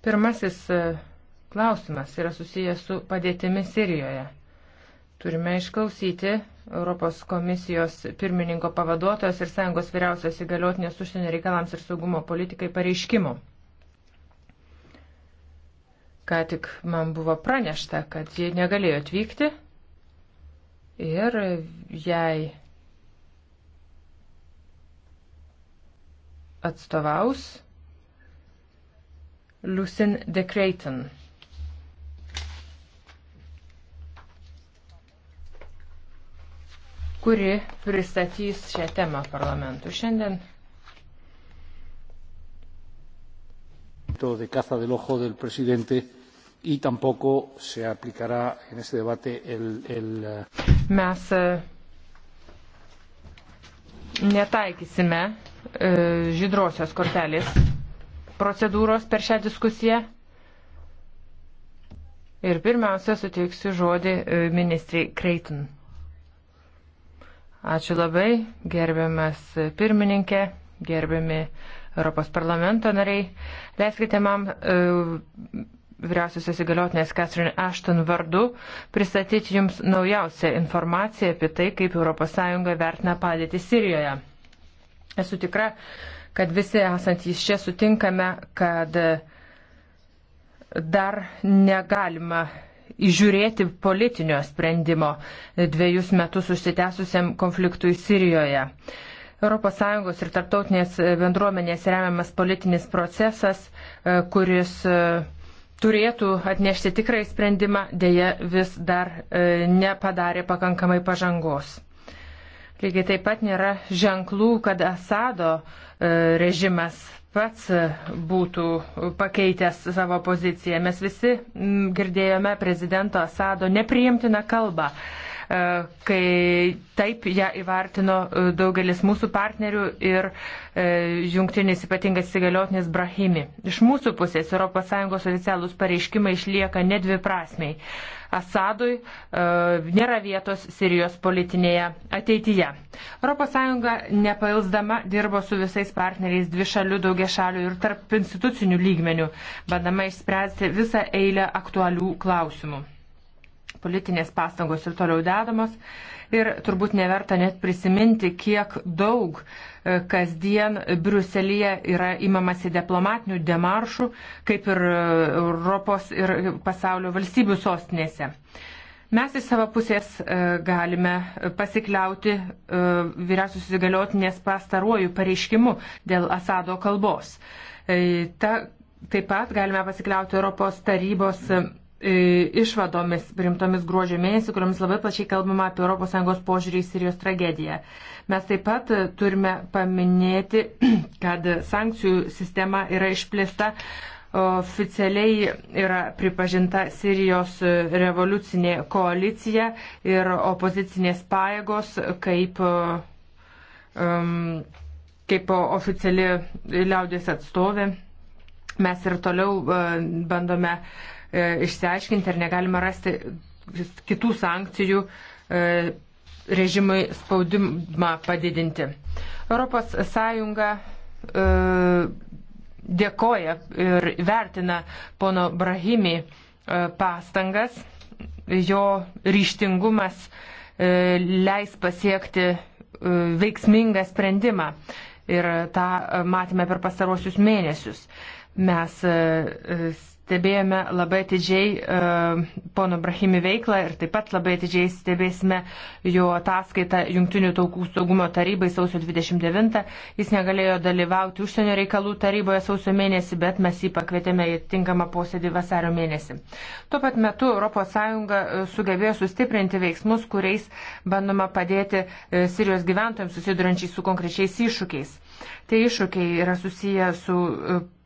Pirmasis e, klausimas yra susijęs su padėtimi Sirijoje. Turime išklausyti Europos komisijos pirmininko pavaduotojos ir Sąjungos vyriausios įgaliotinės užsienio reikalams ir saugumo politikai pareiškimų. Ką tik man buvo pranešta, kad ji negalėjo atvykti ir jai atstovaus Lucin de Creighton. kuri pristatys šią temą parlamentui šiandien. de caza del ojo del presidente y tampoco se aplicará en este debate el. el... Eh, Mes eh, netaikysime eh, žydrosios kortelės procedūros per šią diskusiją. Ir pirmiausia, suteiksiu žodį e, ministrai Kreitin. Ačiū labai, gerbiamas pirmininkė, gerbiami Europos parlamento nariai. Leiskite man e, vyriausiosios įgaliotinės Catherine Ashton vardu pristatyti Jums naujausią informaciją apie tai, kaip ES vertina padėtį Sirijoje. Esu tikra, kad visi esantys čia sutinkame, kad dar negalima įžiūrėti politinio sprendimo dviejus metus užsitęsusiam konfliktui Sirijoje. ES ir tarptautinės bendruomenės remiamas politinis procesas, e, kuris e, turėtų atnešti tikrai sprendimą, dėja vis dar e, nepadarė pakankamai pažangos. Lygiai taip pat nėra ženklų, kad Asado e, režimas pats e, būtų pakeitęs savo poziciją. Mes visi girdėjome prezidento Asado nepriimtiną kalbą. E, kai taip ją įvartino e, daugelis mūsų partnerių ir e, jungtinis ypatingas įsigaliotinis Brahimi. Iš mūsų pusės ES oficialūs pareiškimai išlieka nedviprasmiai. Asadui e, nėra vietos Sirijos politinėje ateityje. ES nepailsdama dirbo su visais partneriais dvi šalių, daugia šalių ir tarp institucinių lygmenių, bandama išspręsti visą eilę aktualių klausimų politinės pastangos ir toliau dedamos. Ir turbūt neverta net prisiminti, kiek daug e, kasdien Briuselyje yra imamasi diplomatinių demaršų, kaip ir e, Europos ir pasaulio valstybių sostinėse. Mes iš savo pusės e, galime pasikliauti vyriausios įgaliotinės pastaruoju pareiškimu dėl Asado kalbos. Ta, taip pat galime pasikliauti Europos tarybos E, išvadomis primtomis gruodžio mėnesį, kuriomis labai plačiai kalbama apie ES požiūrį į Sirijos tragediją. Mes taip pat turime paminėti, kad sankcijų sistema yra išplėsta. Oficialiai yra pripažinta Sirijos revoliucinė koalicija ir opozicinės pajėgos kaip, um, kaip oficiali liaudės atstovė. Mes ir toliau e, bandome uh, E, išsiaiškinti, ar negalima rasti kitų sankcijų e, režimui spaudimą padidinti. Europos Sąjunga e, dėkoja ir vertina pono Brahimi pastangas, jo ryštingumas leis pasiekti veiksmingą sprendimą. Ir tą matėme per pastarosius mėnesius. Mes stebėjome labai atidžiai uh, pono Brahimi veiklą ir taip pat labai atidžiai stebėsime jo ataskaitą Junktinių taukų saugumo tarybai sausio 29. Jis negalėjo dalyvauti užsienio reikalų taryboje sausio mėnesį, bet mes jį pakvietėme į tinkamą posėdį vasario mėnesį. Tuo pat metu ES e, sugebėjo sustiprinti veiksmus, kuriais bandoma padėti e, Sirijos gyventojams susidurančiai su konkrečiais iššūkiais. Tai iššūkiai yra susiję su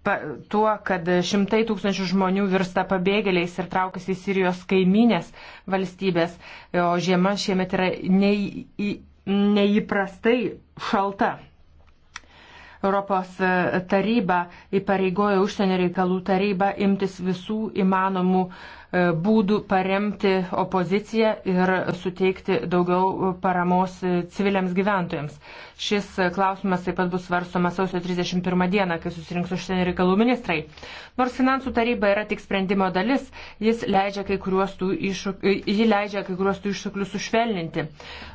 pa, tuo, kad šimtai tūkstančių žmonių virsta pabėgėliais ir traukiasi į Sirijos kaiminės valstybės, o žiema šiemet yra nei, neįprastai šalta. Europos e, taryba įpareigojo užsienio reikalų tarybą imtis visų įmanomų e, būdų paremti opoziciją ir suteikti daugiau paramos e, civiliams gyventojams. Šis klausimas taip pat bus svarstomas sausio 31 dieną, kai susirinks užsienio reikalų ministrai. Nors finansų taryba yra tik sprendimo dalis, jis leidžia kai kuriuos tų, iššūk... leidžia kai kuriuos tų iššūklių sušvelninti.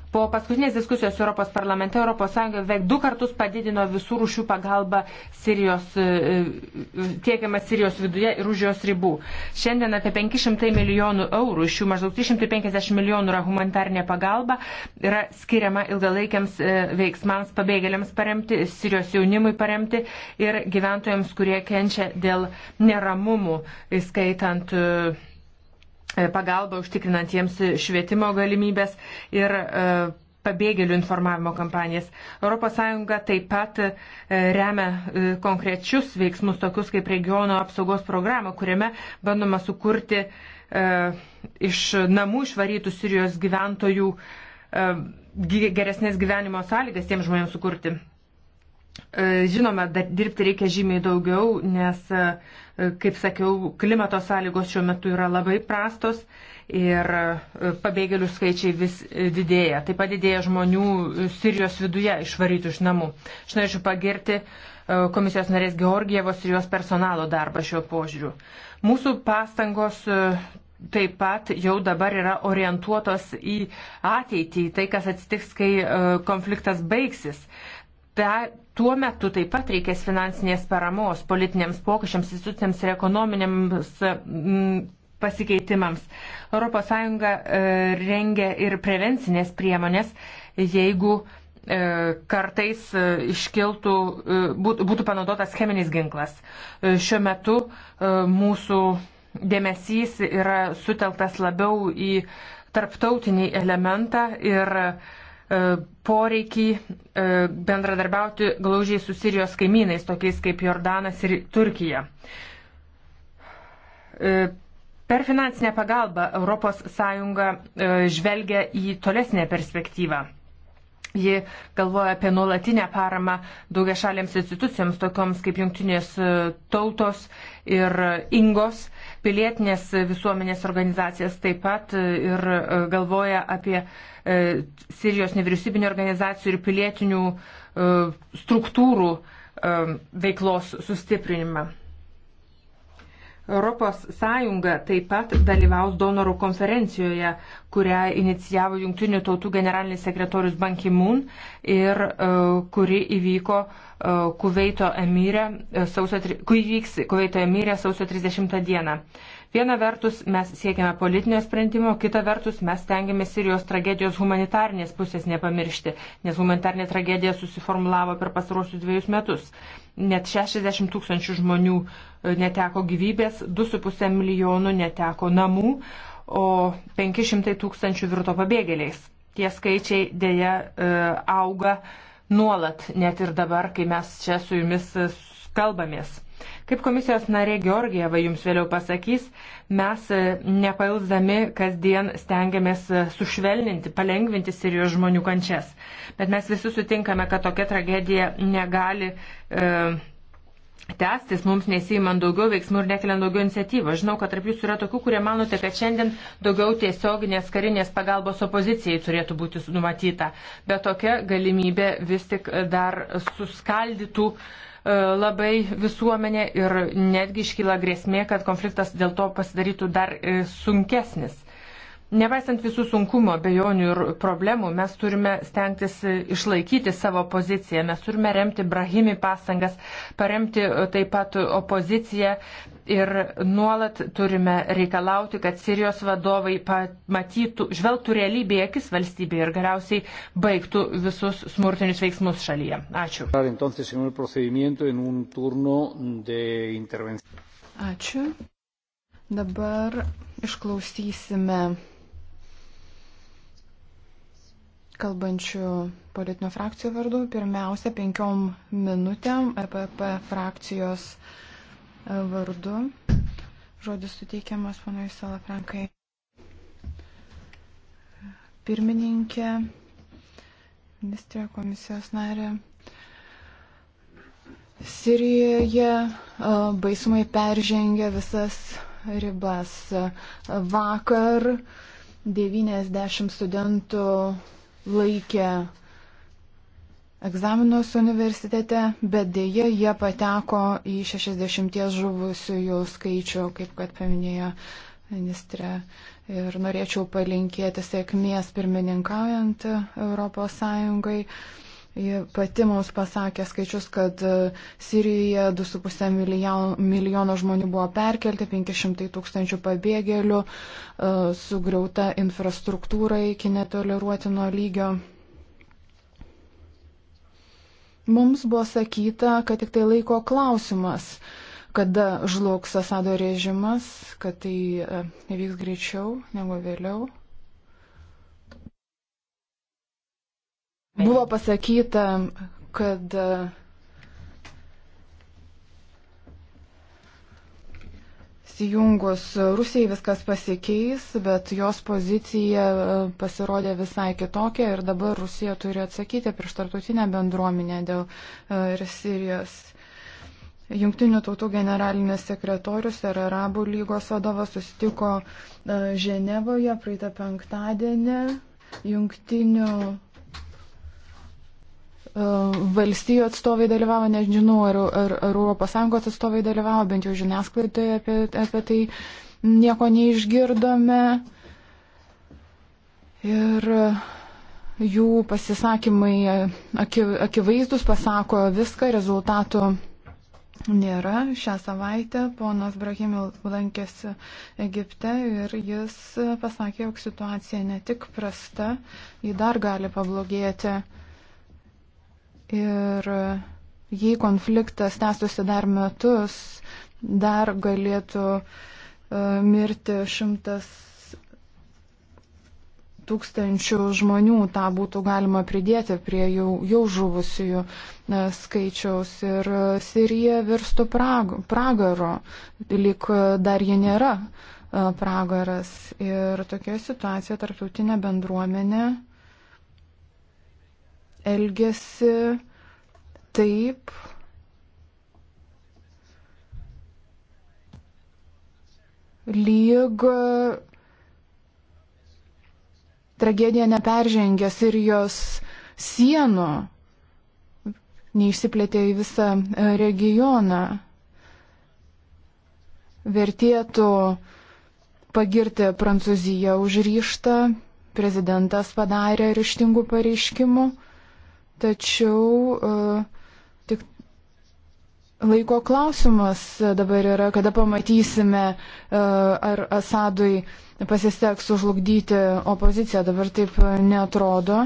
Po paskutinės diskusijos Europos parlamente ES beveik du kartus padidino visų rušių pagalbą Sirijos, e, e, tiekiamą Sirijos viduje ir už jos ribų. Šiandien apie 500 milijonų eurų, iš jų maždaug 350 milijonų yra humanitarnė pagalba, yra skiriama ilgalaikiams e, veiksmams pabėgėliams paremti, Sirijos jaunimui paremti ir gyventojams, kurie kenčia dėl neramumų, įskaitant uh, E, pagalbą užtikrinant jiems švietimo galimybės ir e, pabėgėlių informavimo kampanijas. ES taip pat e, remia konkrečius veiksmus, tokius kaip regiono apsaugos programą, kuriame bandoma sukurti iš namų išvarytų Sirijos gyventojų geresnės gyvenimo sąlygas tiems žmonėms sukurti. E, žinoma, dirbti reikia žymiai daugiau, nes, e, kaip sakiau, klimato sąlygos šiuo metu yra labai prastos ir e, pabėgėlių skaičiai vis didėja. Taip pat didėja žmonių Sirijos viduje išvarytų iš namų. Aš norėčiau pagirti komisijos narės Georgievos ir jos personalo darbą šiuo požiūriu. Mūsų pastangos taip pat jau dabar yra orientuotos į ateitį, į tai, kas atsitiks, kai konfliktas baigsis. Ta, Tuo metu taip pat reikės finansinės paramos politiniams pokyčiams, institucijams ir ekonominiams mm, pasikeitimams. ES e, rengia ir prevencinės priemonės, jeigu e, kartais e, iškiltų, būtų panaudotas cheminis ginklas. Šiuo metu mūsų dėmesys yra suteltas labiau į tarptautinį elementą ir uh, E, poreikį e, bendradarbiauti glaužiai su Sirijos kaimynais, tokiais kaip Jordanas ir Turkija. E, per finansinę pagalbą ES žvelgia į tolesnę perspektyvą. Ji galvoja apie nuolatinę paramą daugia šalėms institucijoms, tokioms kaip jungtinės tautos ir ingos pilietinės visuomenės organizacijas, taip pat e, ir e, galvoja apie e, Sirijos nevyriausybinio organizacijų ir pilietinių struktūrų veiklos sustiprinimą. Europos Sąjunga taip pat dalyvaus donorų konferencijoje, kurią inicijavo Junktinių tautų generalinis sekretorius Ban Ki-moon ir uh, kuri įvyko uh, Kuveito emyrė e, sausio, kur vyks Kuveito emyrė sausio 30 dieną. Uh, Viena vertus mes siekiame politinio sprendimo, kita vertus mes tengiamės Sirijos tragedijos humanitarnės pusės nepamiršti, nes humanitarnė tragedija susiformulavo per pastarosius dviejus metus. Net 60 tūkstančių žmonių e, neteko gyvybės, 2,5 milijonų neteko namų, o 500 tūkstančių virto pabėgėliais. Tie skaičiai dėja e, auga nuolat, net ir dabar, kai mes čia su jumis e, kalbamės. Kaip komisijos narė Georgieva jums vėliau pasakys, mes e, nepailsdami kasdien stengiamės e, sušvelninti, palengvinti Sirijos žmonių kančias. Bet mes visi sutinkame, kad tokia tragedija negali. E, tęstis, mums nesijimant daugiau veiksmų ir nekeliant daugiau iniciatyvą. Žinau, kad tarp jūsų yra tokių, kurie manote, kad šiandien daugiau tiesioginės karinės pagalbos opozicijai turėtų būti numatyta. Bet tokia galimybė vis tik dar suskaldytų uh, E, labai visuomenė ir netgi iškyla grėsmė, kad konfliktas dėl to pasidarytų dar e, sunkesnis. Nepaisant visų sunkumo, bejonių ir problemų, mes turime stengtis išlaikyti savo poziciją, mes turime remti Brahimi pastangas, paremti e, taip pat opoziciją ir nuolat turime reikalauti, kad Sirijos vadovai matytų, žvelgtų realybėje akis valstybėje ir galiausiai baigtų visus smurtinius veiksmus šalyje. Ačiū. Ačiū. Dabar išklausysime kalbančių politinių frakcijų vardu. Pirmiausia, penkiom minutėm EPP frakcijos e, vardu. Žodis suteikiamas panui Salafrankai. Pirmininkė, ministrė, komisijos narė. Sirijoje e, baisumai peržengė visas ribas. Vakar 90 studentų laikė egzaminus universitete, bet dėje jie pateko į 60 žuvusiųjų skaičių, kaip kad paminėjo ministrė. Ir norėčiau palinkėti sėkmės pirmininkaujant Europos Sąjungai. Ji pati mums pasakė skaičius, kad e, Sirijoje 2,5 milijono žmonių buvo perkelti, 500 tūkstančių pabėgėlių, e, sugriauta infrastruktūra iki netoleruotino lygio. Mums buvo sakyta, kad tik tai laiko klausimas, kada žlugs Asado režimas, kad tai e, įvyks greičiau negu vėliau. Buvo pasakyta, kad įsijungus Rusijai viskas pasikeis, bet jos pozicija e, pasirodė visai kitokia ir dabar Rusija turi atsakyti prieš tartutinę bendruomenę dėl e, ir Sirijos. Junktinių tautų generalinis sekretorius ir Arabų lygos vadovas susitiko e, Ženevoje praeitą penktadienį. Junktinių E, valstijų atstovai dalyvavo, nežinau, ar, ar, ar Europos Sąjungos atstovai dalyvavo, bent jau žiniasklaidoje apie, apie tai nieko neišgirdome. Ir jų pasisakymai akivaizdus pasako viską, rezultatų nėra. Šią savaitę ponas Brahimil lankėsi Egipte ir jis pasakė, jog situacija ne tik prasta, ji dar gali pablogėti. Ir jei konfliktas tęstųsi dar metus, dar galėtų e, mirti šimtas tūkstančių žmonių, tą būtų galima pridėti prie jau, jau žuvusiųjų e, skaičiaus. Ir e, Sirija virstų prag, pragaro, lik dar ji nėra pragaras. Ir tokia situacija tarptautinė bendruomenė elgesi taip, lyg tragedija neperžengė Sirijos sienų, neišsiplėtė į visą e, regioną. Vertėtų pagirti Prancūziją už ryštą, prezidentas padarė ryštingų pareiškimų. Tačiau e, tik laiko klausimas dabar yra, kada pamatysime, e, ar Asadui pasisteks užlugdyti opoziciją. Dabar taip netrodo.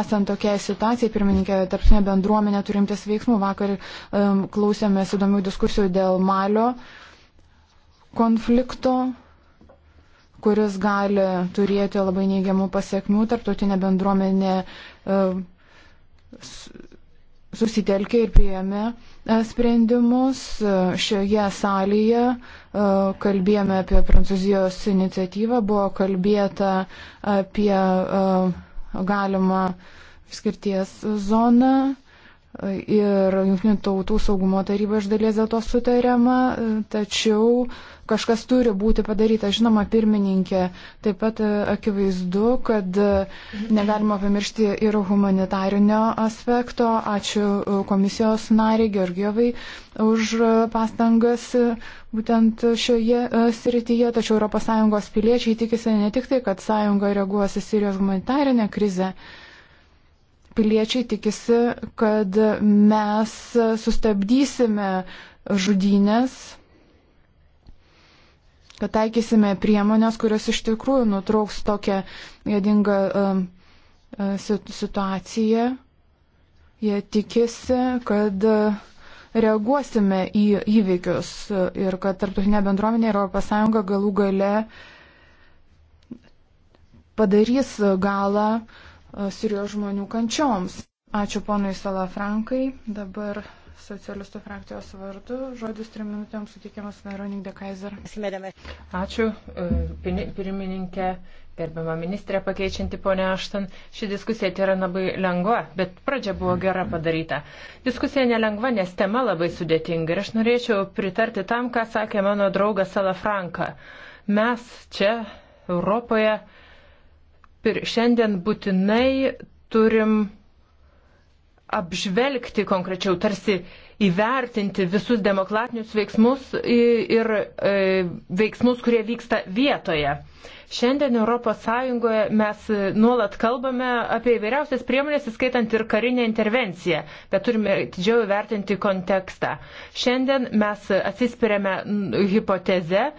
Esant tokiai situacijai, pirmininkė, tarpsinė bendruomenė turimtis veiksmų. Vakar um, klausėmės įdomių diskusijų dėl Malio konflikto kuris gali turėti labai neigiamų pasiekmių, tarptautinė bendruomenė e, susitelkė ir priėmė e, sprendimus. E, šioje salėje kalbėjome apie Prancūzijos iniciatyvą, buvo kalbėta apie galimą skirties zoną Ir Junktinių tautų saugumo taryba iš dalies dėl to sutariama, tačiau kažkas turi būti padaryta. Žinoma, pirmininkė, taip pat akivaizdu, kad negalima pamiršti ir humanitarinio aspekto. Ačiū komisijos nariai Georgievai už pastangas būtent šioje srityje, tačiau ES piliečiai tikisi ne tik tai, kad sąjunga reaguos į Sirijos humanitarinę krizę piliečiai tikisi, kad mes sustabdysime žudynės, kad taikysime priemonės, kurios iš tikrųjų nutrauks tokią gėdingą um, uh, situaciją. Jie tikisi, kad uh, reaguosime į įvykius ir kad tarptautinė bendruomenė ir ES galų gale padarys galą uh, E, Sirijos žmonių kančioms. Ačiū ponui Salafrankai. Dabar socialistų frakcijos vardu. Žodis trim minutėms sutikiamas Veronik de Kaiser. Ačiū, e, pirmininkė, gerbiama ministrė pakeičianti ponę Aštan. Ši diskusija tai yra labai lengva, bet pradžia buvo gera padaryta. Diskusija nelengva, nes tema labai sudėtinga ir aš norėčiau pritarti tam, ką sakė mano draugas Salafranka. Mes čia, Europoje, pir, šiandien būtinai turim apžvelgti konkrečiau, tarsi įvertinti visus demokratinius veiksmus ir e, veiksmus, kurie vyksta vietoje. Šiandien ES mes nuolat kalbame apie įvairiausias priemonės, įskaitant ir karinę intervenciją, bet turime didžiau įvertinti kontekstą. Šiandien mes atsispiriame hipoteze,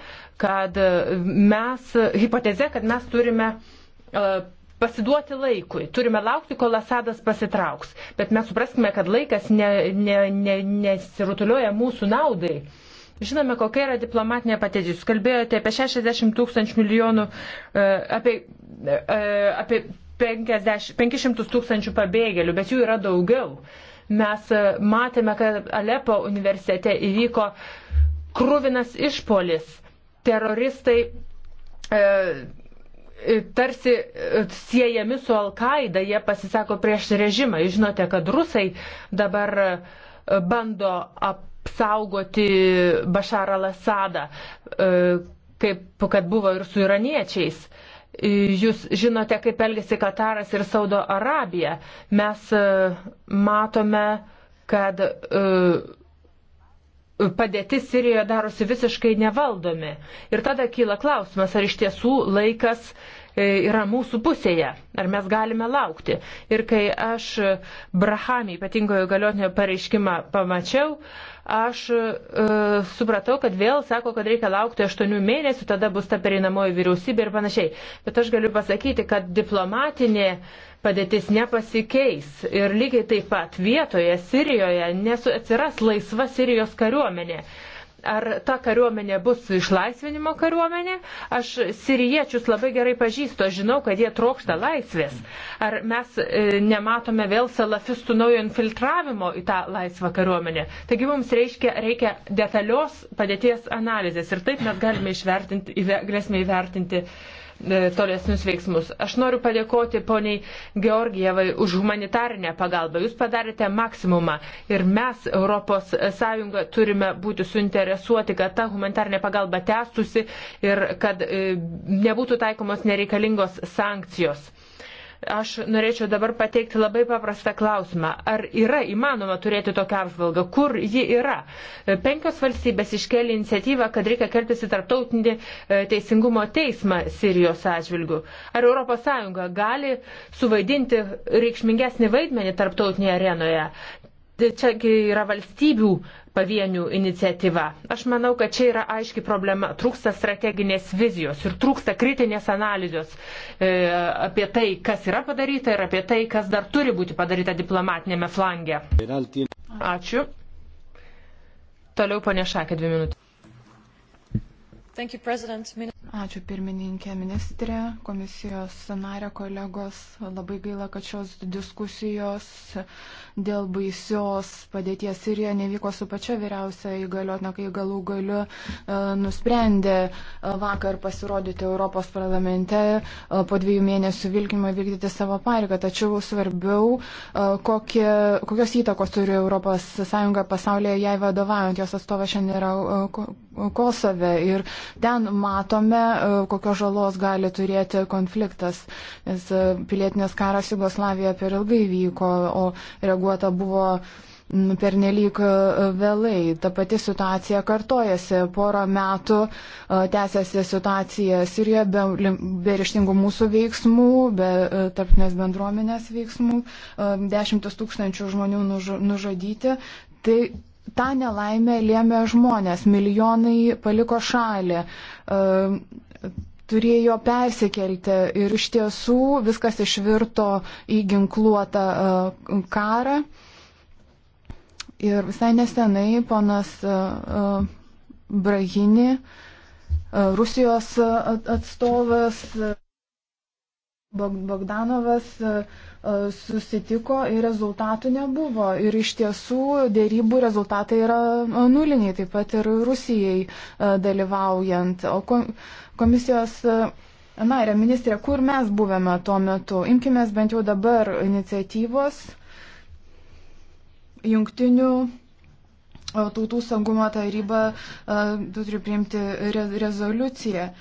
kad mes, hipoteze, kad mes turime uh, E, pasiduoti laikui. Turime laukti, kol Asadas pasitrauks. Bet mes supraskime, kad laikas ne, ne, ne, nesirutulioja mūsų naudai. Žinome, kokia yra diplomatinė patėdžiai. Jūs kalbėjote apie 60 tūkstančių milijonų, e, apie, e, apie 50, 500 tūkstančių pabėgėlių, bet jų yra daugiau. Mes matėme, kad Alepo universitete įvyko krūvinas išpolis. Teroristai e, tarsi e, siejami su Al-Qaida, jie pasisako prieš režimą. Jūs žinote, kad rusai dabar e, bando apsaugoti Bašarą Lasadą, e, kaip kad buvo ir su iraniečiais. Jūs žinote, kaip elgesi Kataras ir Saudo Arabija. Mes matome, kad uh, padėtis Sirijoje darosi visiškai nevaldomi. Ir tada kyla klausimas, ar iš tiesų laikas E, yra mūsų pusėje, ar mes galime laukti. Ir kai aš Brahami ypatingojo galiotinio pareiškimą pamačiau, aš e, supratau, kad vėl sako, kad reikia laukti aštuonių mėnesių, tada bus ta pereinamoji vyriausybė ir panašiai. Bet aš galiu pasakyti, kad diplomatinė padėtis nepasikeis ir lygiai taip pat vietoje Sirijoje nesu, atsiras laisva Sirijos kariuomenė ar ta kariuomenė bus išlaisvinimo kariuomenė. Aš siriečius labai gerai pažįstu, aš žinau, kad jie trokšta laisvės. Ar mes e, nematome vėl salafistų naujo infiltravimo į tą laisvą kariuomenę. Taigi mums reiškia, reikia detalios padėties analizės ir taip mes galime įvertinti, įve, galėsime įvertinti E, tolesnius veiksmus. Aš noriu padėkoti poniai Georgievai už humanitarinę pagalbą. Jūs padarėte maksimumą ir mes, ES, turime būti suinteresuoti, kad ta humanitarinė pagalba tęstusi ir kad e, nebūtų taikomos nereikalingos sankcijos. Aš norėčiau dabar pateikti labai paprastą klausimą. Ar yra įmanoma turėti tokią apžvalgą? Kur ji yra? Penkios valstybės iškėlė iniciatyvą, kad reikia keltis į tarptautinį e, teisingumo teismą Sirijos atžvilgių. Ar ES gali suvaidinti reikšmingesnį vaidmenį tarptautinėje arenoje? Tai čia yra valstybių pavienių iniciatyva. Aš manau, kad čia yra aiški problema. Trūksta strateginės vizijos ir trūksta kritinės analizės e, apie tai, kas yra padaryta ir apie tai, kas dar turi būti padaryta diplomatinėme flange. Ačiū. Toliau panešakė dvi minutės. Ačiū pirmininkė ministrė, komisijos narė kolegos. Labai gaila, kad šios diskusijos dėl baisios padėties Sirijoje nevyko su pačia vyriausia įgaliotina, kai galų galiu e, nusprendė e, vakar pasirodyti Europos parlamente e, po dviejų mėnesių vilkimą vykdyti savo pareigą. Tačiau svarbiau, kokie, kokios įtakos turi ES pasaulyje jai vadovaujant. Jos atstovas šiandien yra Kosove ir ten matome, matėme, e, kokios žalos gali turėti konfliktas, nes e, pilietinės karas Jugoslavijoje per ilgai vyko, o reaguota buvo pernelyg e, vėlai. Ta pati situacija kartojasi. Porą metų tęsiasi situacija Sirijoje be, be ryštingų mūsų veiksmų, be tarptinės bendruomenės veiksmų. Dešimtis tūkstančių žmonių nuž, nužudyti. Tai tą nelaimę lėmė žmonės, milijonai paliko šalį, e, turėjo persikelti ir iš tiesų viskas išvirto į ginkluotą e, karą. Ir visai nesenai ponas e, Brahini, Rusijos atstovas, Bogdanovas e, e, susitiko ir rezultatų nebuvo. Ir iš tiesų dėrybų rezultatai yra e, nuliniai, taip pat ir Rusijai dalyvaujant. O komisijos narė ministrė, kur mes buvome tuo metu? Imkime bent jau dabar iniciatyvos jungtinių tautų saugumo taryba turi priimti rezoliuciją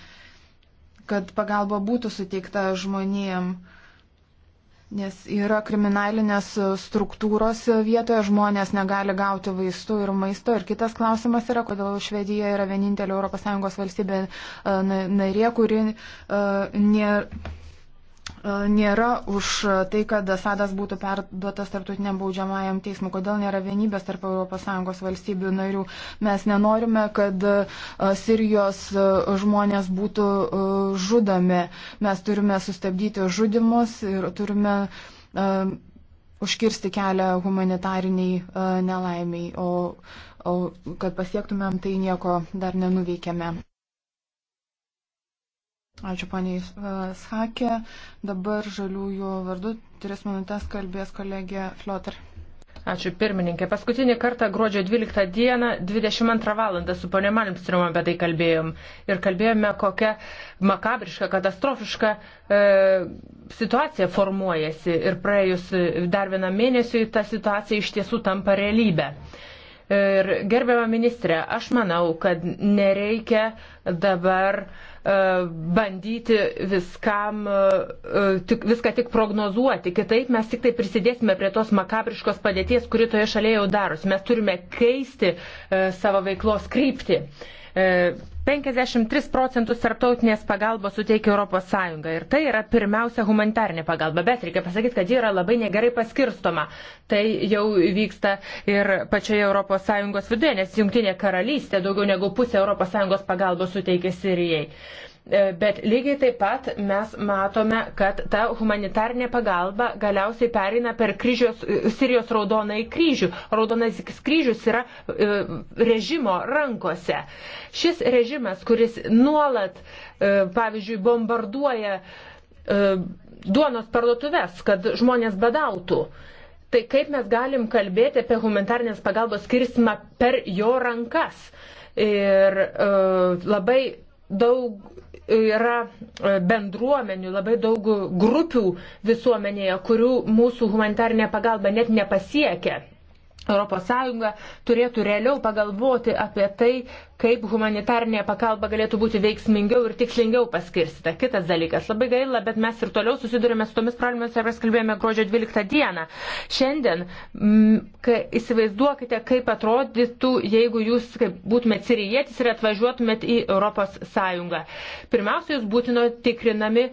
kad pagalba būtų suteikta žmonėm. Nes yra kriminalinės struktūros vietoje, žmonės negali gauti vaistų ir maisto. Ir kitas klausimas yra, kodėl Švedija yra vienintelė ES valstybė e, narė, kuri ne, E, nėra už tai, kad Asadas būtų perduotas tarptautiniam baudžiamajam teismui? Kodėl nėra vienybės tarp ES valstybių narių? Mes nenorime, kad e, Sirijos e, žmonės būtų žudami. Mes turime sustabdyti žudimus ir turime uh, užkirsti kelią humanitariniai uh, nelaimiai. O, o kad pasiektumėm, tai nieko dar nenuveikėme. Ačiū, paniai e, Sakė. Dabar žaliųjų vardu tris minutės kalbės kolegė Flotar. Ačiū pirmininkė. Paskutinį kartą gruodžio 12 dieną 22 valandą su ponė Malmstrom apie tai kalbėjom. Ir kalbėjome, kokia makabriška, katastrofiška e, situacija formuojasi. Ir praėjus dar vienam mėnesiui ta situacija iš tiesų tampa realybė. Ir gerbiama ministrė, aš manau, kad nereikia dabar. E, E, bandyti viskam, e, e, tik, viską tik prognozuoti. Kitaip mes tik tai prisidėsime prie tos makabriškos padėties, kuri toje šalyje jau darosi. Mes turime keisti savo veiklos kryptį. 53 e, procentus tarptautinės pagalbos suteikia ES ir tai yra pirmiausia humanitarinė pagalba, bet reikia pasakyti, kad ji yra labai negerai paskirstoma. Tai jau vyksta ir pačioje ES viduje, nes Junktinė karalystė daugiau negu pusė ES pagalbos suteikia Sirijai. E, bet lygiai taip pat mes matome, kad ta humanitarnė pagalba galiausiai pereina per kryžios, e, Sirijos raudonąjį kryžių. Raudonas kryžius yra e, režimo rankose. Šis režimas, kuris nuolat, pavyzdžiui, bombarduoja duonos parduotuvės, kad žmonės badautų. Tai kaip mes galim kalbėti apie humanitarnės pagalbos skirstimą per jo rankas? Ir uh, labai daug yra e, bendruomenių, labai daug grupių visuomenėje, kurių mūsų humanitarinė pagalba net nepasiekia. ES turėtų realiau pagalvoti apie tai, kaip humanitarnė pakalba galėtų būti veiksmingiau ir tikslingiau paskirstyta. Kitas dalykas, labai gaila, bet mes ir toliau susidurime su tomis problemomis, kurias kalbėjome gruodžio 12 dieną. Šiandien m, kai, įsivaizduokite, kaip atrodytų, jeigu jūs kaip, būtumėt sirijietis ir atvažiuotumėt į ES. Pirmiausia, jūs būtino tikrinami e,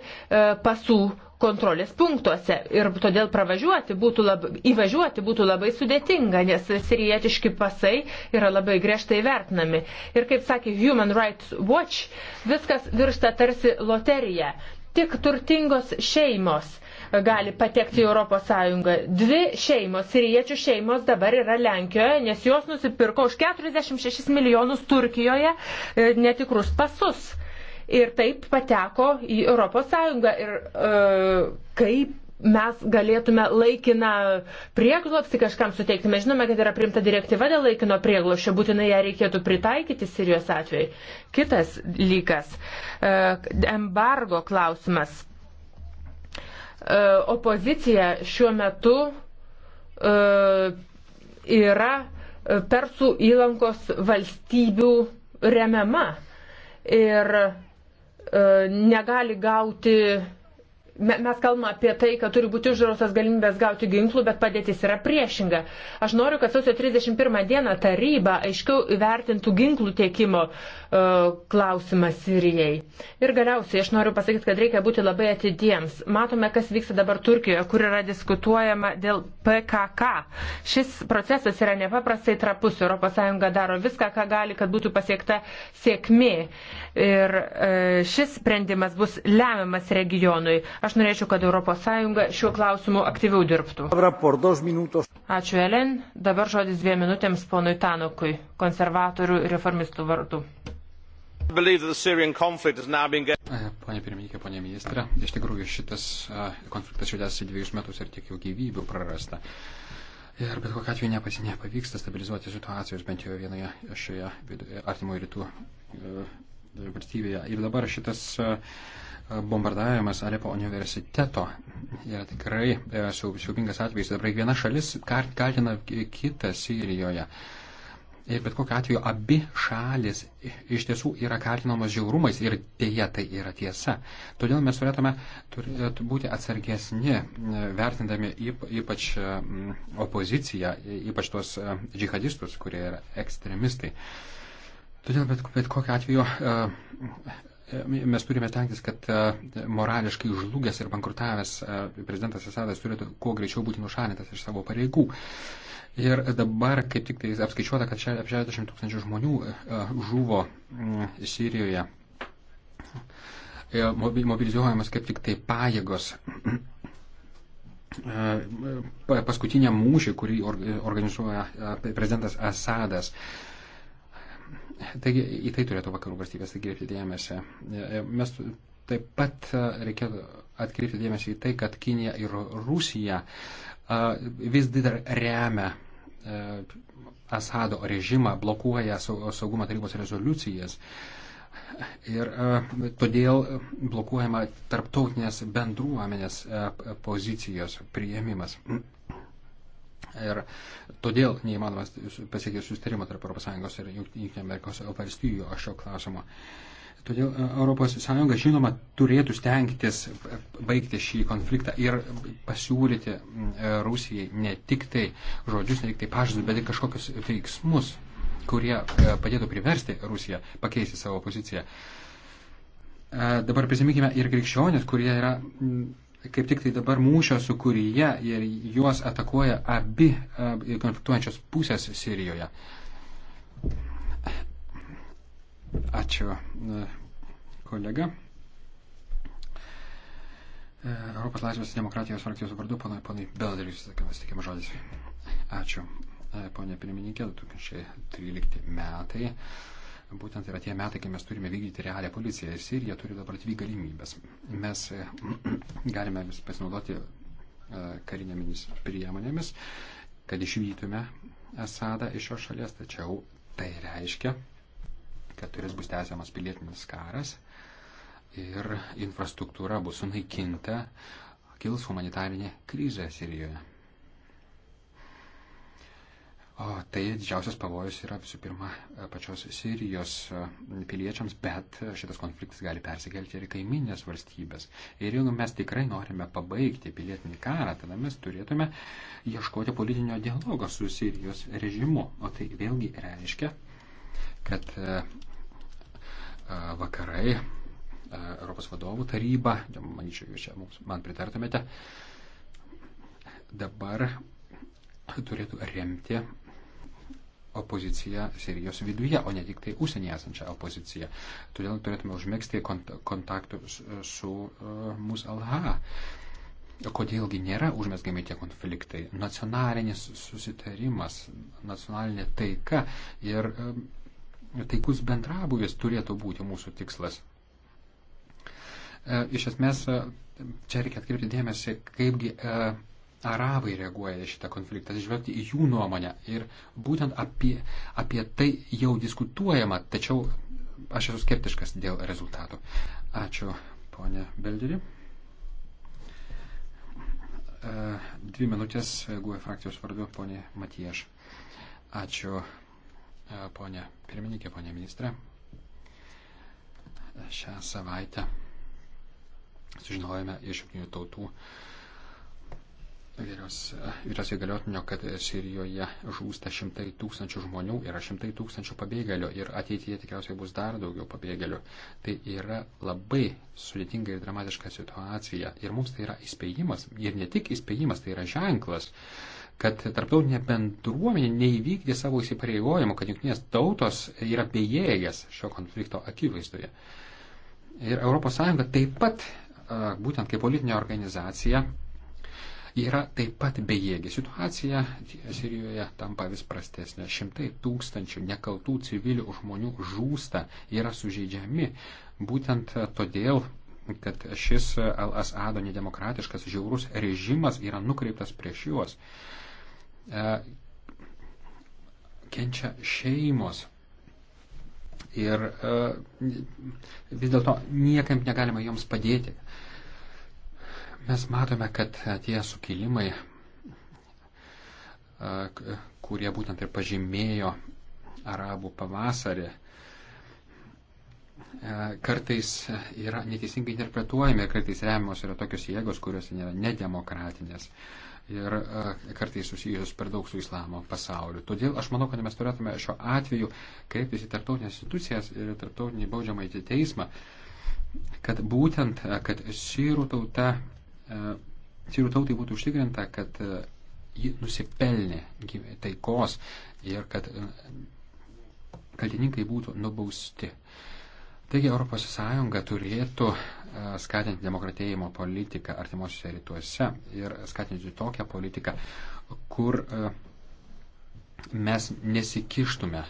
pasų kontrolės punktuose ir todėl pravažiuoti būtų lab, įvažiuoti būtų labai sudėtinga, nes sirietiški pasai yra labai griežtai vertinami. Ir kaip sakė Human Rights Watch, viskas virsta tarsi loterija. Tik turtingos šeimos gali patekti į Europos Sąjungą. Dvi šeimos, siriečių šeimos dabar yra Lenkijoje, nes jos nusipirko už 46 milijonus Turkijoje e, netikrus pasus ir taip pateko į Europos Sąjungą. Ir e, kaip mes galėtume laikiną prieglopstį kažkam suteikti. Mes žinome, kad yra primta direktyva dėl laikino prieglopščio, būtinai ją reikėtų pritaikyti Sirijos atveju. Kitas lygas e, - embargo klausimas. E, opozicija šiuo metu e, yra Persų įlankos valstybių remiama. Ir E, negali gauti mes kalbame apie tai, kad turi būti uždraustas galimybės gauti ginklų, bet padėtis yra priešinga. Aš noriu, kad sausio 31 dieną taryba aiškiau įvertintų ginklų tiekimo uh, klausimą Sirijai. Ir galiausiai aš noriu pasakyti, kad reikia būti labai atidiems. Matome, kas vyksta dabar Turkijoje, kur yra diskutuojama dėl PKK. Šis procesas yra nepaprastai trapus. ES daro viską, ką gali, kad būtų pasiekta sėkmė. Ir uh, šis sprendimas bus lemiamas regionui. Aš norėčiau, kad ES šiuo klausimu aktyviau dirbtų. Ačiū, Elen. Dabar žodis dviem minutėms ponui Tanukui, konservatorių ir reformistų vardu. E, pone pirmininkė, pone ministrė, iš tikrųjų šitas e, konfliktas jau tęsiasi dviejus metus ir tiek jau gyvybių prarasta. Ir bet kokiu atveju nepas, nepavyksta stabilizuoti situacijos bent jau vienoje šioje artimoje rytų e, valstybėje. Ir dabar šitas uh, bombardavimas Alepo universiteto yra tikrai e, siaubingas atvejis. Dabar viena šalis kaltina kitą Sirijoje. Ir bet kokiu atveju abi šalis iš tiesų yra kaltinamos žiaurumais ir dėja tai yra tiesa. Todėl mes turėtume turėtų e, būti atsargesni, e, vertindami ypač opoziciją, ypač tuos džihadistus, kurie yra ekstremistai. Todėl bet, bet kokiu atveju mes turime tenktis, kad e, morališkai žlugęs ir bankrutavęs e, prezidentas Asadas turėtų kuo greičiau būti nušalintas iš savo pareigų. Ir dabar, kaip tik tai apskaičiuota, kad 60 tūkstančių žmonių e, žuvo mm, Sirijoje, mobilizuojamas kaip tik tai pajėgos paskutiniam mūšį, kurį organizuoja prezidentas Asadas. Taigi į tai turėtų vakarų valstybės atkreipti dėmesį. E, e, mes taip pat e, reikėtų atkreipti dėmesį į tai, kad Kinija ir Rusija vis dar remia Asado režimą, blokuoja saugumo tarybos rezoliucijas. Ir todėl blokuojama tarptautinės bendruomenės pozicijos priėmimas. Ir todėl neįmanomas pasiekti sustarimo tarp ES ir JAV šio klausimo. Todėl e, ES žinoma turėtų stengtis baigti šį konfliktą ir pasiūlyti e, Rusijai ne tik tai žodžius, ne tik tai pažadus, bet ir kažkokius veiksmus, kurie e, padėtų priversti Rusiją pakeisti savo poziciją. Dabar prisiminkime ir krikščionis, kurie yra kaip tik tai dabar mūšio sukūryje ir juos atakuoja abi konfliktuojančios pusės Sirijoje. Ačiū, e, kolega. E, Europos laisvės demokratijos frakcijos vardu, ponai, ponai, Belderis, sakymas, tikimas žodis. Ačiū, e, ponė pirmininkė, 2013 metai būtent yra tie metai, kai mes turime vykdyti realią policiją ir Sirija turi dabar dvi galimybės. Mes galime vis pasinaudoti e, karinėmis priemonėmis, kad išvytume Asadą iš šios šalies, tačiau tai reiškia, kad turės bus tęsiamas pilietinis karas ir infrastruktūra bus sunaikinta, kils humanitarinė krizė Sirijoje. O tai didžiausias pavojus yra visų pirma e, pačios Sirijos e, piliečiams, bet e, šitas konfliktas gali persikelti ir kaiminės valstybės. Ir jeigu mes tikrai norime pabaigti pilietinį karą, tada mes turėtume ieškoti politinio dialogo su Sirijos režimu. O tai vėlgi reiškia, kad vakarai, Europos vadovų taryba, manyčiau, jūs čia mums, man pritartumėte, dabar turėtų remti opoziciją Sirijos viduje, o ne tik tai užsienyje esančią opoziciją. Todėl turėtume užmėgsti kont kontaktus su uh, e, mūsų Alha. Kodėlgi nėra užmesgami tie konfliktai? Nacionalinis susitarimas, nacionalinė taika ir um, taikus bendrabuvis turėtų būti mūsų tikslas. E, iš esmės, e, čia reikia atkreipti dėmesį, kaipgi e, arabai reaguoja į šitą konfliktą, atsižvelgti į jų nuomonę. Ir būtent apie, apie tai jau diskutuojama, tačiau aš esu skeptiškas dėl rezultatų. Ačiū, ponė Belderi. E, dvi minutės guoja e frakcijos vardu, ponė Matieš. Ačiū, e, ponė pirmininkė, ponė ministrė. Šią savaitę sužinojome iš jungtinių tautų uh, E, vyriausio įgaliotinio, kad Sirijoje žūsta šimtai tūkstančių žmonių, yra šimtai tūkstančių pabėgėlių ir ateityje tikriausiai bus dar daugiau pabėgėlių. Tai yra labai sudėtinga ir dramatiška situacija. Ir mums tai yra įspėjimas, ir ne tik įspėjimas, tai yra ženklas, kad tarptautinė bendruomenė neįvykdė savo įsipareigojimų, kad jungtinės tautos yra bejėgės šio konflikto akivaizdoje. Ir ES taip pat, e, būtent kaip politinė organizacija, yra taip pat bejėgi. Situacija Sirijoje tampa vis prastesnė. Šimtai tūkstančių nekaltų civilių žmonių žūsta, yra sužeidžiami. Būtent todėl kad šis Al-Asado nedemokratiškas žiaurus režimas yra nukreiptas prieš juos. E, kenčia šeimos, Ir uh, vis dėlto niekam negalima joms padėti. Uh, Mes matome, kad tie sukilimai, kurie būtent ir pažymėjo arabų pavasarį, kartais yra neteisingai interpretuojami, kartais remiamos yra tokios jėgos, kurios nėra nedemokratinės ir kartais susijusios per daug su islamo pasauliu. Todėl aš manau, kad mes turėtume šiuo atveju kreiptis į tarptautinės institucijas ir tarptautinį baudžiamą į teismą, kad būtent, kad sirų tauta sirų e, tautai būtų užtikrinta, kad e, ji nusipelnė taikos ir kad e, kaltininkai būtų nubausti. Taigi ES turėtų skatinti demokratėjimo politiką artimuosiuose rytuose ir skatinti tokią politiką, kur mes nesikištume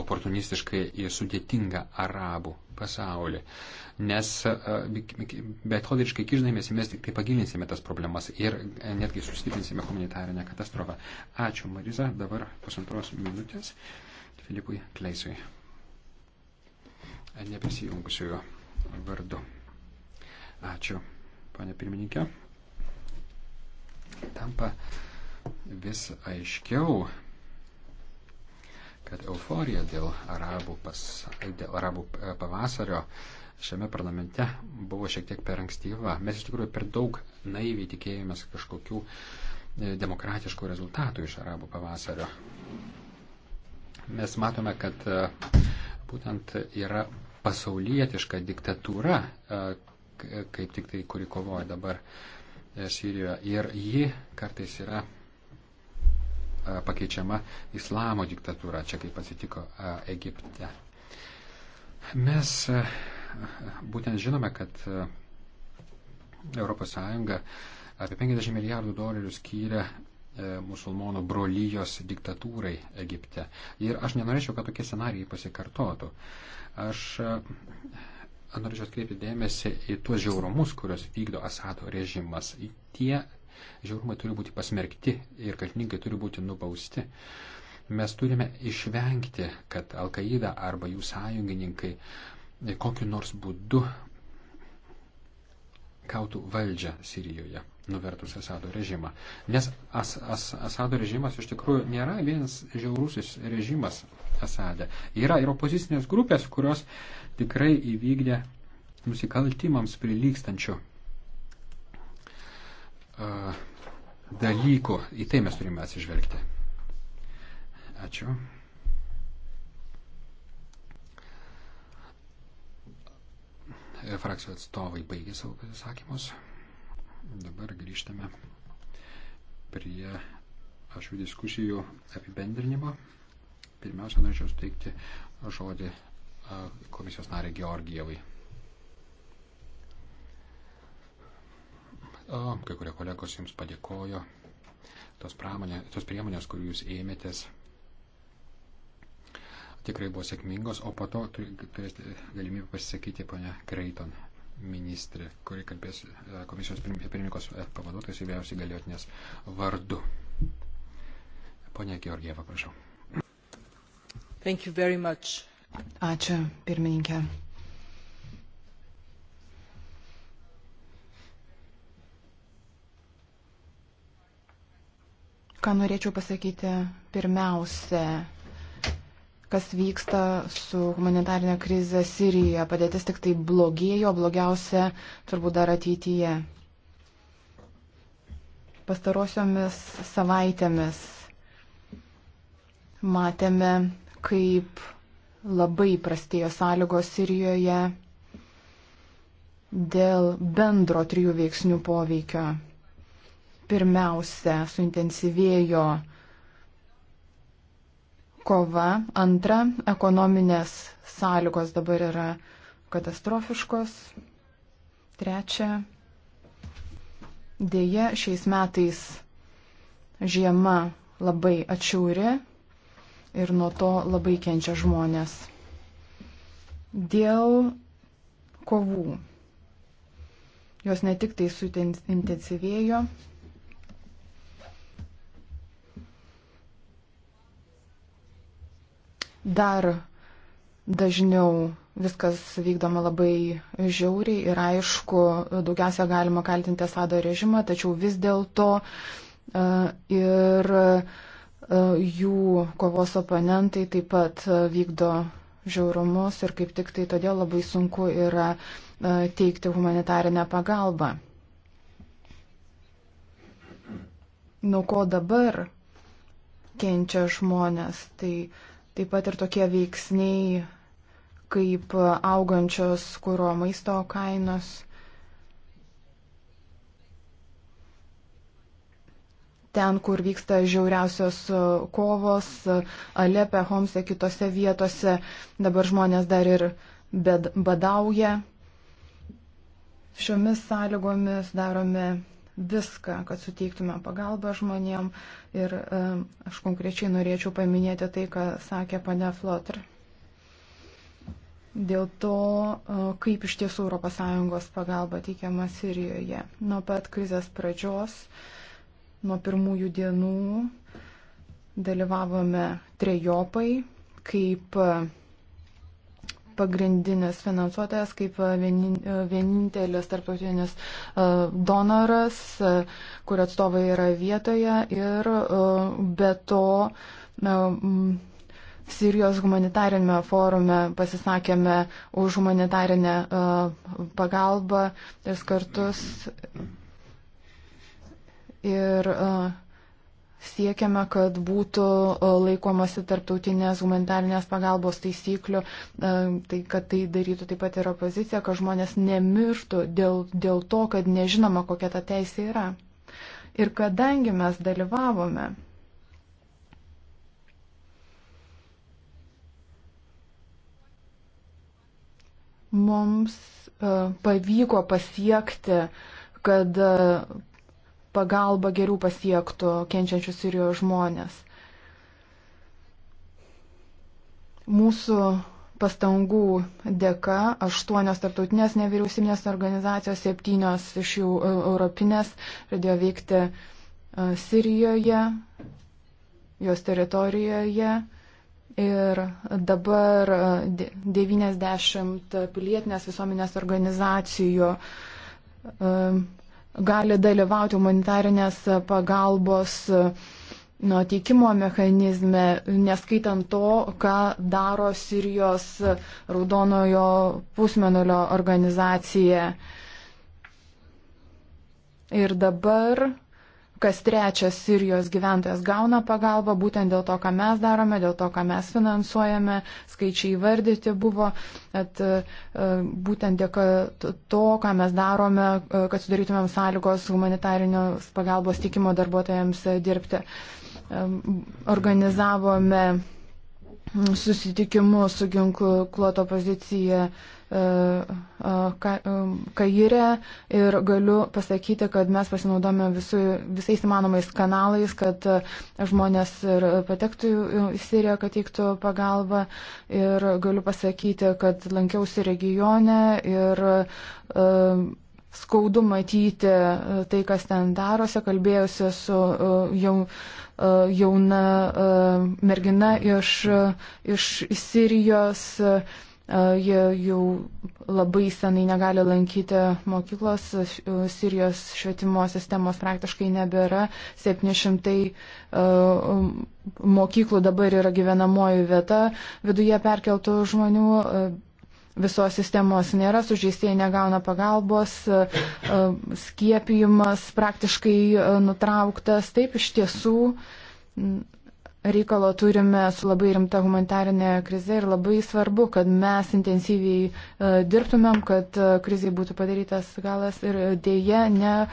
oportunistiškai į sudėtingą arabų pasaulį. Nes e, betodiriškai kižnaimėsi mes tik tai pagilinsime tas problemas ir e, netgi sustiprinsime humanitarinę katastrofą. Ačiū, Mariza. Dabar pusantros minutės Filipui Kleisui. E, neprisijungusiojo vardu. Ačiū, panė pirmininkė. Tampa vis aiškiau, kad euforija dėl arabų, pas, dėl arabų e, pavasario šiame parlamente buvo šiek tiek per ankstyva. Mes iš tikrųjų per daug naiviai tikėjomės kažkokių e, demokratiškų rezultatų iš arabų pavasario. Mes matome, kad e, būtent yra pasaulietiška diktatūra, kaip tik tai, kuri kovoja dabar Sirijoje. Ir ji kartais yra E, pakeičiama islamo diktatūra, čia kaip atsitiko e, Egipte. Mes e, būtent žinome, kad ES apie 50 milijardų dolerių skyrė musulmonų brolyjos diktatūrai Egipte. Ir aš nenorėčiau, kad tokie scenarijai pasikartotų. Aš norėčiau atkreipti dėmesį į tuos žiaurumus, kuriuos vykdo Asado režimas. Tie žiaurumai turi būti pasmerkti ir kaltininkai turi būti nubausti. Mes turime išvengti, kad Al-Qaida arba jų sąjungininkai kokiu nors būdu gautų valdžią Sirijoje, nuvertus Asado režimą. Nes As, As, Asado režimas iš tikrųjų nėra vienas žiaurusis režimas Asade. Yra ir opozicinės grupės, kurios tikrai įvykdė nusikaltimams prilykstančių dalykų. Į tai mes turime atsižvelgti. Ačiū. Frakcijų atstovai baigė savo pasisakymus. Dabar grįžtame prie šių diskusijų apibendrinimo. Pirmiausia, norėčiau suteikti žodį komisijos narė Georgijevai. O, kai kurie kolegos jums padėkojo. Tos, pramonė, tos priemonės, kurių jūs ėmėtės, tikrai buvo sėkmingos, o po to turėsite galimybę pasisakyti ponia Kreiton ministrė, kuri kalbės e, komisijos pirmininkos e, pavaduotojas įvėjusi galiotinės vardu. Pone Georgieva, prašau. Ačiū, pirmininkė. ką norėčiau pasakyti pirmiausia, kas vyksta su humanitarinė krize Sirijoje. Padėtis tik tai blogėjo, blogiausia turbūt dar ateityje. Pastarosiomis savaitėmis matėme, kaip labai prastėjo sąlygos Sirijoje dėl bendro trijų veiksnių poveikio Pirmiausia, suintensyvėjo kova. Antra, ekonominės sąlygos dabar yra katastrofiškos. Trečia, dėja šiais metais žiema labai atšiauri ir nuo to labai kenčia žmonės. Dėl kovų. Jos ne tik tai suintensyvėjo, dar dažniau viskas vykdoma labai žiauriai ir aišku, daugiausia galima kaltinti Asado režimą, tačiau vis dėlto e, ir e, jų kovos oponentai taip pat e, vykdo žiaurumus ir kaip tik tai todėl labai sunku yra teikti humanitarinę pagalbą. Nu ko dabar kenčia žmonės, tai uh, Taip pat ir tokie veiksniai kaip augančios kūro maisto kainos. Ten, kur vyksta žiauriausios kovos, Alepe, Homse, kitose vietose, dabar žmonės dar ir bed, badauja. Šiomis sąlygomis darome viską, kad suteiktume pagalbą žmonėm. Ir aš konkrečiai norėčiau paminėti tai, ką sakė pane Flotr. Dėl to, e, kaip iš tiesų ES pagalba teikiama Sirijoje. Nuo pat krizės pradžios, nuo pirmųjų dienų dalyvavome trejopai, kaip pagrindinis finansuotojas, kaip e, e, vienintelis tarptautinis e, donoras, kur atstovai yra vietoje ir be to Sirijos humanitarinėme forume pasisakėme už humanitarinę pagalbą tris kartus. Ir uh, siekiame, kad būtų e, laikomasi tarptautinės humanitarnės pagalbos taisyklių, e, tai kad tai darytų taip pat ir opozicija, kad žmonės nemirtų dėl, dėl to, kad nežinoma, kokia ta teisė yra. Ir kadangi mes dalyvavome mums e, pavyko pasiekti, kad pagalba geriau pasiektų kenčiančius Sirijos žmonės. Mūsų pastangų dėka aštuonios tarptautinės nevyriausybinės organizacijos, septynios iš jų e, europinės pradėjo veikti e, Sirijoje, jos teritorijoje. Ir dabar 90 e, pilietinės visuomenės organizacijų gali dalyvauti humanitarinės pagalbos nu, teikimo mechanizme, neskaitant to, ką daro Sirijos raudonojo pusmenulio organizacija. Ir dabar kas trečias Sirijos gyventojas gauna pagalbą, būtent dėl to, ką mes darome, dėl to, ką mes finansuojame, skaičiai įvardyti buvo, at, e, būtent dėka to, ką mes darome, e, kad sudarytumėm sąlygos humanitarinės pagalbos tikimo darbuotojams e, dirbti. Organizavome susitikimus su ginkluoto pozicija E, e, e, Kairė ir galiu pasakyti, kad mes pasinaudome visu, visais įmanomais kanalais, kad žmonės ir patektų į Siriją, kad teiktų pagalbą. Ir galiu pasakyti, kad lankiausi regione ir skaudu matyti tai, kas ten darosi. Kalbėjusi su jau, jauna mergina iš, iš Sirijos. Jie jau labai senai negali lankyti mokyklos, e, Sirijos švietimo sistemos praktiškai nebėra, 700 e, mokyklų dabar yra gyvenamoji vieta viduje perkeltų žmonių e, visos sistemos nėra, sužeistieji negauna pagalbos, skiepijimas praktiškai nutrauktas. Taip iš tiesų reikalo turime su labai rimta humanitarinė krize ir labai svarbu, kad mes intensyviai e, dirbtumėm, kad e, krizai būtų padarytas galas ir dėje ne e,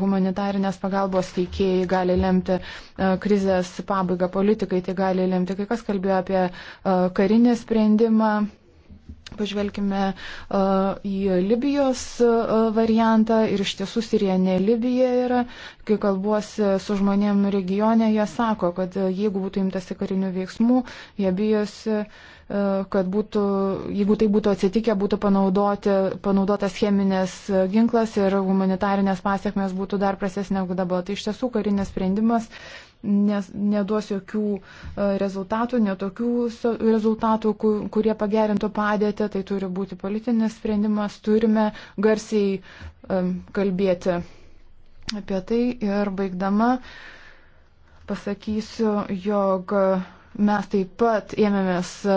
humanitarinės pagalbos teikėjai gali lemti krizės pabaigą, politikai tai gali lemti. Kai kas kalbėjo apie karinį sprendimą. Pažvelkime į Libijos variantą ir iš tiesų Sirija ne Libija yra. Kai kalbuosi su žmonėm regione, jie sako, kad jeigu būtų imtasi karinių veiksmų, jie bijosi, kad būtų, jeigu tai būtų atsitikę, būtų panaudotas cheminės ginklas ir humanitarinės pasiekmes būtų dar prasesnė negu dabar. Tai iš tiesų karinės sprendimas nes, neduos jokių e, rezultatų, netokių rezultatų, kurie pagerintų padėtį, tai turi būti politinis sprendimas, turime garsiai e, kalbėti apie tai ir baigdama pasakysiu, jog mes taip pat ėmėmės e,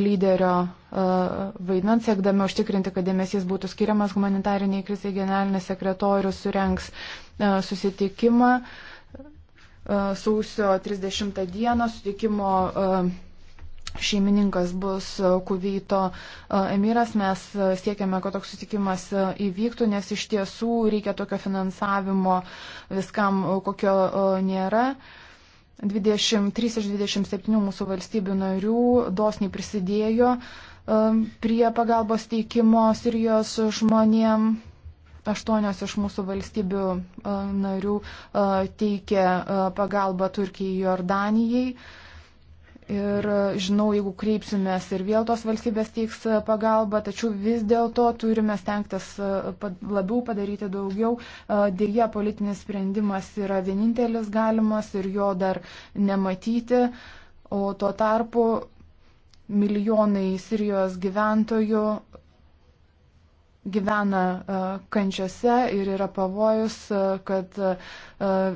lyderio vaidmens, siekdami užtikrinti, kad dėmesys būtų skiriamas humanitariniai krizai, generalinis sekretorius surenks susitikimą E, sausio 30 dieną sutikimo e, šeimininkas bus e, Kuveito emiras. Mes siekiame, kad toks sutikimas įvyktų, nes iš tiesų reikia tokio finansavimo viskam, kokio nėra. 23 iš 27 mūsų valstybių narių dosniai prisidėjo prie pagalbos teikimo Sirijos žmonėm aštuonios iš mūsų valstybių e, narių e, teikia e, pagalbą Turkijai Jordanijai. Ir žinau, jeigu kreipsimės ir vėl tos valstybės teiks pagalbą, tačiau vis dėlto turime stengtis labiau padaryti daugiau. Dėja, politinis sprendimas yra vienintelis galimas ir jo dar nematyti. O tuo tarpu milijonai Sirijos gyventojų gyvena e, kančiose ir yra pavojus, e, kad e,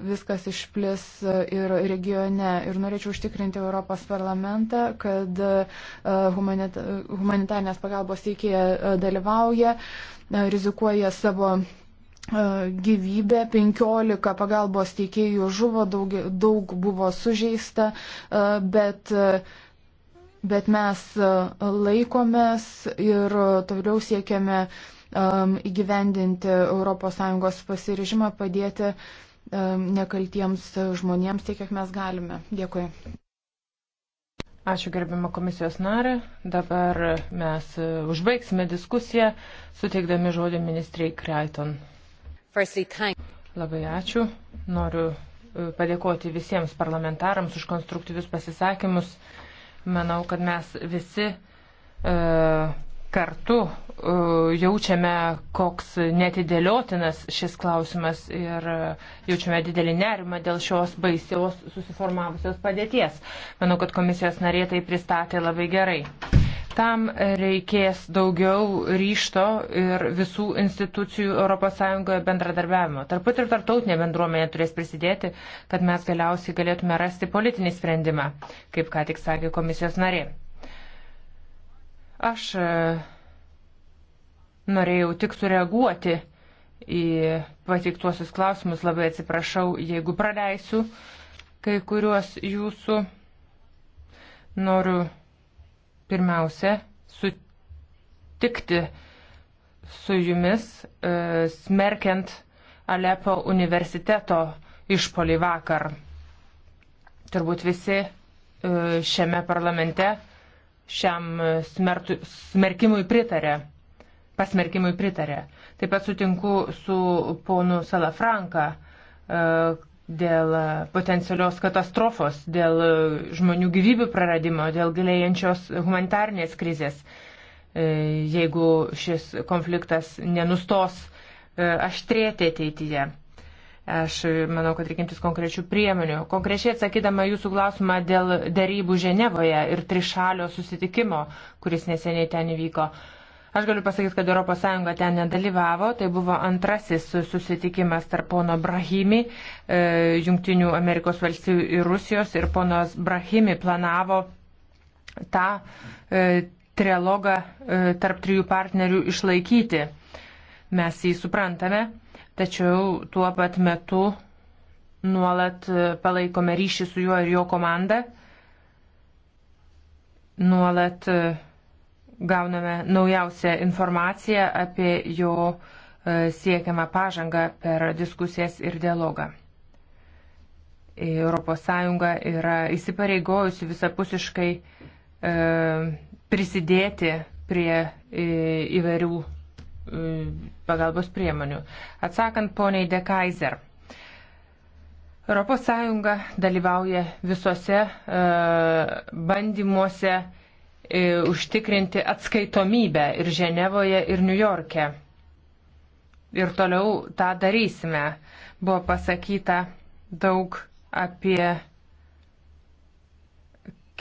viskas išplis ir regione. Ir norėčiau užtikrinti Europos parlamentą, kad humanitarnės pagalbos teikėja dalyvauja, rizikuoja savo gyvybė, 15 pagalbos teikėjų žuvo, daug, daug buvo sužeista, bet bet mes laikomės ir toliau siekiame um, įgyvendinti ES pasiryžimą padėti um, nekaltiems žmonėms tiek, kiek mes galime. Dėkui. Ačiū gerbimo komisijos narė. Dabar mes uh, užbaigsime diskusiją, suteikdami žodį ministrei Kreiton. Labai ačiū. Noriu uh, padėkoti visiems parlamentarams už konstruktyvius pasisakymus. Manau, kad mes visi e, kartu E, jaučiame, koks netidėliotinas šis klausimas ir e, jaučiame didelį nerimą dėl šios baisios susiformavusios padėties. Manau, kad komisijos narė tai pristatė labai gerai. Tam reikės daugiau ryšto ir visų institucijų ES bendradarbiavimo. Tarput ir tartautinė bendruomenė turės prisidėti, kad mes galiausiai galėtume rasti politinį sprendimą, kaip ką tik sakė komisijos narė. Aš e, Norėjau tik sureaguoti į pateiktuosius klausimus. Labai atsiprašau, jeigu praleisiu kai kuriuos jūsų. Noriu pirmiausia sutikti su jumis e, smerkiant Alepo universiteto išpolį vakar. Turbūt visi e, šiame parlamente šiam smertu, smerkimui pritarė pasmerkimui pritarė. Taip pat sutinku su ponu Salafranka e, dėl potencialios katastrofos, dėl žmonių gyvybių praradimo, dėl gilėjančios humanitarnės krizės, e, jeigu šis konfliktas nenustos e, aštrėti ateityje. Aš manau, kad reikimtis konkrečių priemonių. Konkrečiai atsakydama jūsų klausimą dėl darybų Ženevoje ir trišalio susitikimo, kuris neseniai ten įvyko. Uh, Aš galiu pasakyti, kad ES ten nedalyvavo, tai buvo antrasis susitikimas tarp pono Brahimi, e, Junktinių Amerikos valstybių ir Rusijos, ir ponas Brahimi planavo tą e, trilogą e, tarp trijų partnerių išlaikyti. Mes jį suprantame, tačiau tuo pat metu nuolat palaikome ryšį su juo ir jo komanda, nuolat gauname naujausią informaciją apie jo e, siekiamą pažangą per diskusijas ir dialogą. ES yra įsipareigojusi visapusiškai e, prisidėti prie e, įvairių pagalbos priemonių. Atsakant poniai De Kaiser, ES dalyvauja visose bandymuose E, užtikrinti atskaitomybę ir Ženevoje, ir Niujorke. Ir toliau tą darysime. Buvo pasakyta daug apie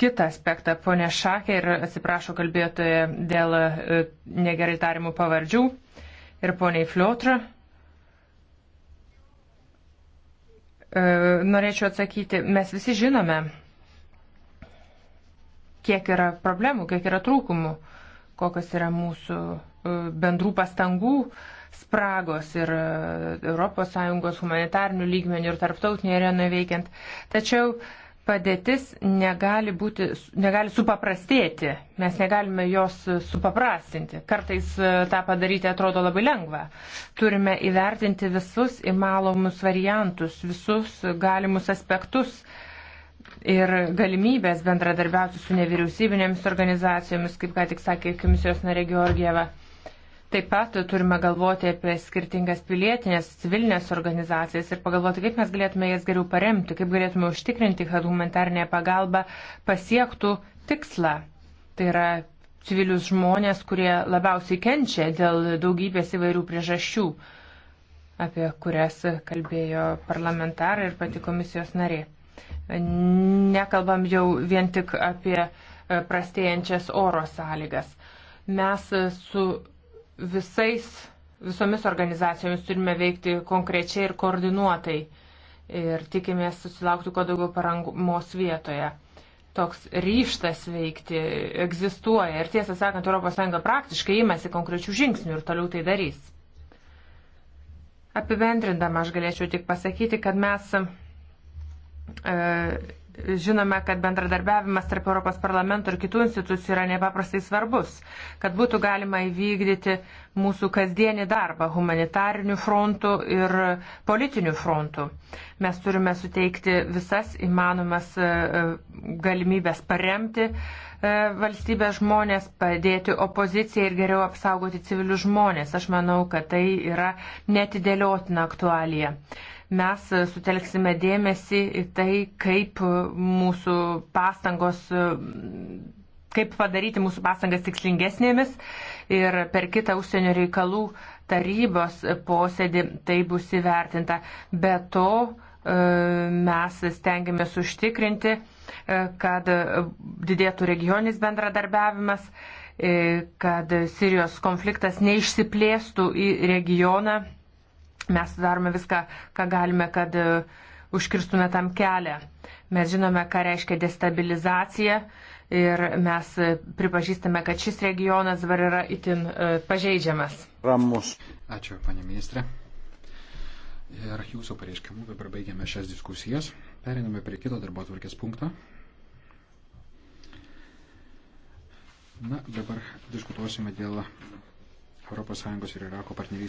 kitą aspektą. Pone Šakė ir atsiprašau kalbėtoje dėl e, negerai tarimų pavardžių. Ir poniai Fliotra. E, norėčiau atsakyti, mes visi žinome, kiek yra problemų, kiek yra trūkumų, kokios yra mūsų e, bendrų pastangų spragos ir ES humanitarnių lygmenių ir tarptautinėje arenoje veikiant. Tačiau padėtis negali, būti, negali supaprastėti, mes negalime jos supaprastinti. Kartais e, tą padaryti atrodo labai lengva. Turime įvertinti visus įmalomus variantus, visus galimus aspektus ir galimybės bendradarbiauti su nevyriausybinėmis organizacijomis, kaip ką tik sakė komisijos narė Georgieva. Taip pat turime galvoti apie skirtingas pilietinės, civilinės organizacijas ir pagalvoti, kaip mes galėtume jas geriau paremti, kaip galėtume užtikrinti, kad humanitarnė pagalba pasiektų tikslą. Tai yra civilius žmonės, kurie labiausiai kenčia dėl daugybės įvairių priežasčių, apie kurias kalbėjo parlamentarai ir pati komisijos narė. Nekalbam jau vien tik apie e, prastėjančias oro sąlygas. Mes e, su visais, visomis organizacijomis turime veikti konkrečiai ir koordinuotai ir tikimės susilaukti kuo daugiau paramos vietoje. Toks ryštas veikti egzistuoja ir tiesą sakant, ES praktiškai įmasi konkrečių žingsnių ir toliau tai darys. Apibendrindama aš galėčiau tik pasakyti, kad mes E, žinome, kad bendradarbiavimas tarp Europos parlamento ir kitų institucijų yra nepaprastai svarbus, kad būtų galima įvykdyti mūsų kasdienį darbą humanitarinių frontų ir politinių frontų. Mes turime suteikti visas įmanomas e, galimybės paremti e, valstybės žmonės, padėti opozicijai ir geriau apsaugoti civilius žmonės. Aš manau, kad tai yra netidėliotina aktualija mes sutelksime dėmesį į tai, kaip mūsų pastangos kaip padaryti mūsų pastangas tikslingesnėmis ir per kitą užsienio reikalų tarybos posėdį tai bus įvertinta. Be to e, mes stengiamės užtikrinti, e, kad didėtų regioninis bendradarbiavimas, e, kad Sirijos konfliktas neišsiplėstų į regioną Mes darome viską, ką galime, kad e, užkirstume tam kelią. Mes žinome, ką reiškia destabilizacija ir mes e, pripažįstame, kad šis regionas dabar yra itin e, pažeidžiamas. Ramus. Ačiū, panė ministrė. Ir jūsų pareiškimu dabar baigiame šias diskusijas. Periname prie kito darbo atvarkės punkto. Na, dabar diskutuosime dėl ES ir Irako partnerystės.